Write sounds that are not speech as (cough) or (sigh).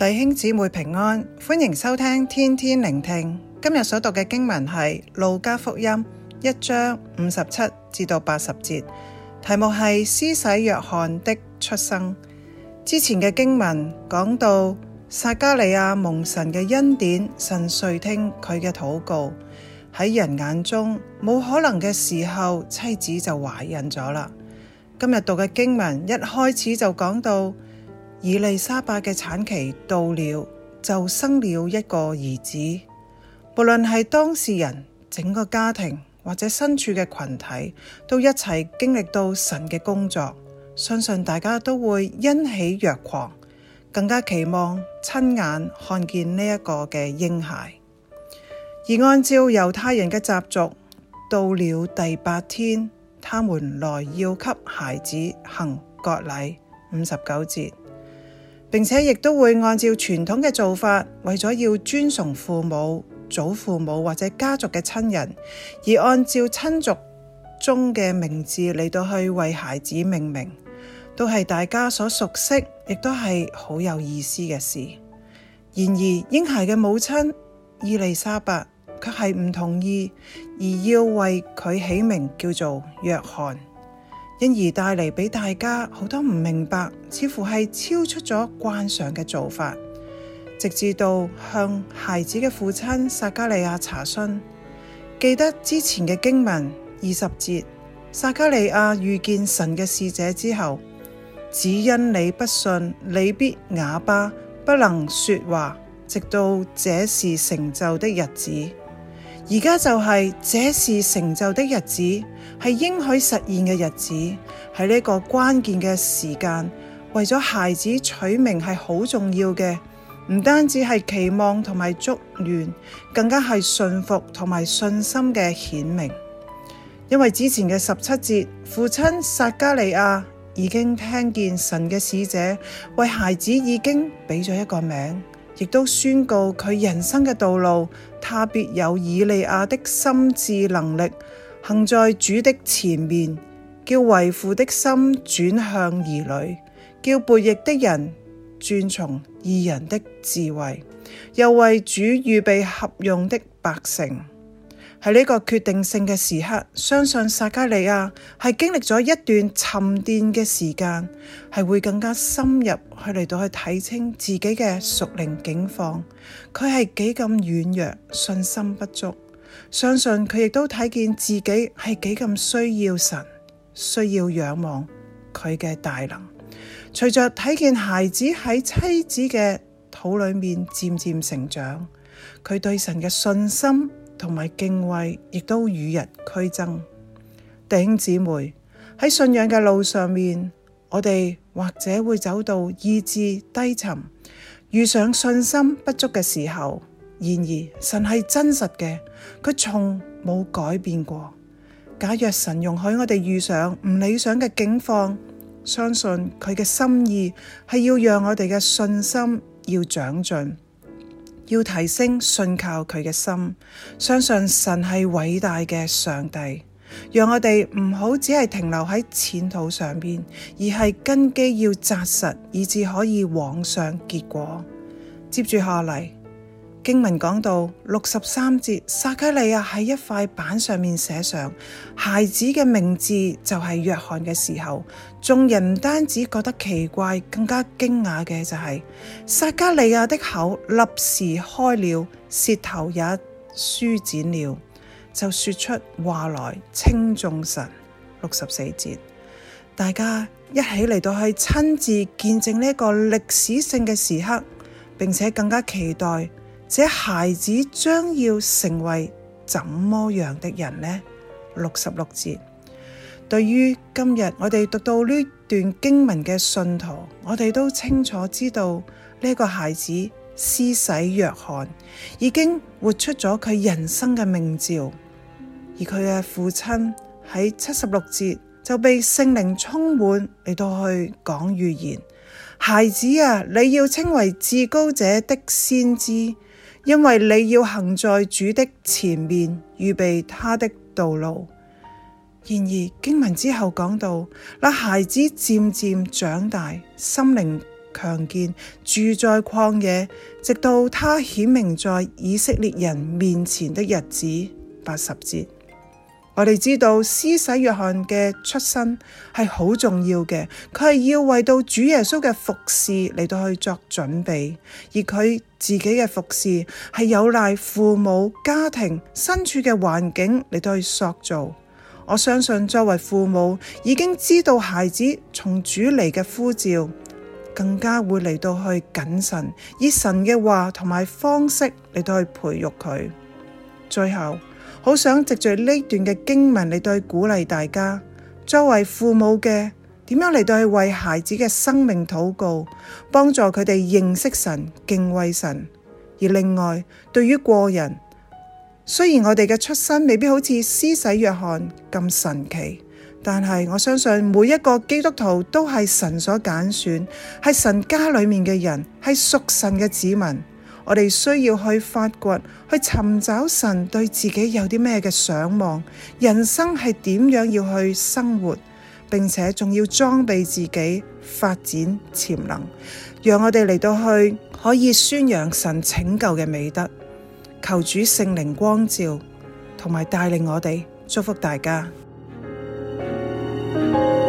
弟兄姊妹平安，歡迎收聽天天靈聽。今日所讀嘅經文係路加福音一章五十七至到八十節，題目係施洗約翰的出生。之前嘅經文講到撒迦利亞蒙神嘅恩典，神垂聽佢嘅禱告，喺人眼中冇可能嘅時候，妻子就懷孕咗啦。今日讀嘅經文一開始就講到。以利沙伯嘅產期到了，就生了一個兒子。無論係當事人、整個家庭或者身處嘅群體，都一齊經歷到神嘅工作。相信大家都會欣喜若狂，更加期望親眼看見呢一個嘅嬰孩。而按照猶太人嘅習俗，到了第八天，他們來要給孩子行割禮。五十九節。並且亦都會按照傳統嘅做法，為咗要尊崇父母、祖父母或者家族嘅親人，而按照親族中嘅名字嚟到去為孩子命名，都係大家所熟悉，亦都係好有意思嘅事。然而，嬰孩嘅母親伊利沙伯卻係唔同意，而要為佢起名叫做約翰。因而帶嚟俾大家好多唔明白，似乎係超出咗慣常嘅做法，直至到向孩子嘅父親撒迦利亞查詢，記得之前嘅經文二十節，撒迦利亞遇見神嘅使者之後，只因你不信，你必啞巴，不能說話，直到這事成就的日子。而家就係這是成就的日子，係應許實現嘅日子，係呢個關鍵嘅時間。為咗孩子取名係好重要嘅，唔單止係期望同埋祝願，更加係信服同埋信心嘅顯明。因為之前嘅十七節，父親撒迦利亞已經聽見神嘅使者為孩子已經俾咗一個名。亦都宣告佢人生嘅道路，他必有以利亞的心志能力，行在主的前面，叫為父的心轉向兒女，叫悖逆的人轉從義人的智慧，又為主預備合用的百姓。喺呢個決定性嘅時刻，相信撒迦利亞係經歷咗一段沉澱嘅時間，係會更加深入去嚟到去睇清自己嘅屬靈境況。佢係幾咁軟弱，信心不足。相信佢亦都睇見自己係幾咁需要神，需要仰望佢嘅大能。隨着睇見孩子喺妻子嘅肚裏面漸漸成長，佢對神嘅信心。同埋敬畏，亦都與日俱增。弟兄姊妹喺信仰嘅路上面，我哋或者會走到意志低沉，遇上信心不足嘅時候。然而，神係真實嘅，佢從冇改變過。假若神容許我哋遇上唔理想嘅境況，相信佢嘅心意係要讓我哋嘅信心要長進。要提升信靠佢嘅心，相信神係偉大嘅上帝，讓我哋唔好只係停留喺淺土上邊，而係根基要扎實，以致可以往上結果。接住下嚟。經文講到六十三節，撒迦利亞喺一塊板上面寫上孩子嘅名字就係約翰嘅時候，眾人唔單止覺得奇怪，更加驚訝嘅就係、是、撒迦利亞的口立時開了，舌頭也舒展了，就說出話來稱頌神。六十四節，大家一起嚟到去親自見證呢一個歷史性嘅時刻，並且更加期待。這孩子將要成為怎麼樣的人呢？六十六節，對於今日我哋讀到呢段經文嘅信徒，我哋都清楚知道呢、這個孩子施洗約翰已經活出咗佢人生嘅命召，而佢嘅父親喺七十六節就被聖靈充滿嚟到去講預言。孩子啊，你要稱為至高者的先知。因為你要行在主的前面，預備他的道路。然而經文之後講到，那孩子漸漸長大，心靈強健，住在曠野，直到他顯明在以色列人面前的日子。八十節。我哋知道施洗約翰嘅出生係好重要嘅，佢係要為到主耶穌嘅服侍嚟到去作準備，而佢自己嘅服侍係有賴父母、家庭、身處嘅環境嚟到去塑造。我相信作為父母已經知道孩子從主嚟嘅呼召，更加會嚟到去謹慎，以神嘅話同埋方式嚟到去培育佢。最後。好想藉住呢段嘅經文嚟到鼓勵大家，作為父母嘅，點樣嚟到去為孩子嘅生命禱告，幫助佢哋認識神、敬畏神。而另外，對於個人，雖然我哋嘅出身未必好似施洗約翰咁神奇，但係我相信每一個基督徒都係神所揀選，係神家裏面嘅人，係屬神嘅子民。我哋需要去發掘，去尋找神對自己有啲咩嘅想望，人生係點樣要去生活，並且仲要裝備自己發展潛能，讓我哋嚟到去可以宣揚神拯救嘅美德。求主聖靈光照，同埋帶領我哋，祝福大家。 (music)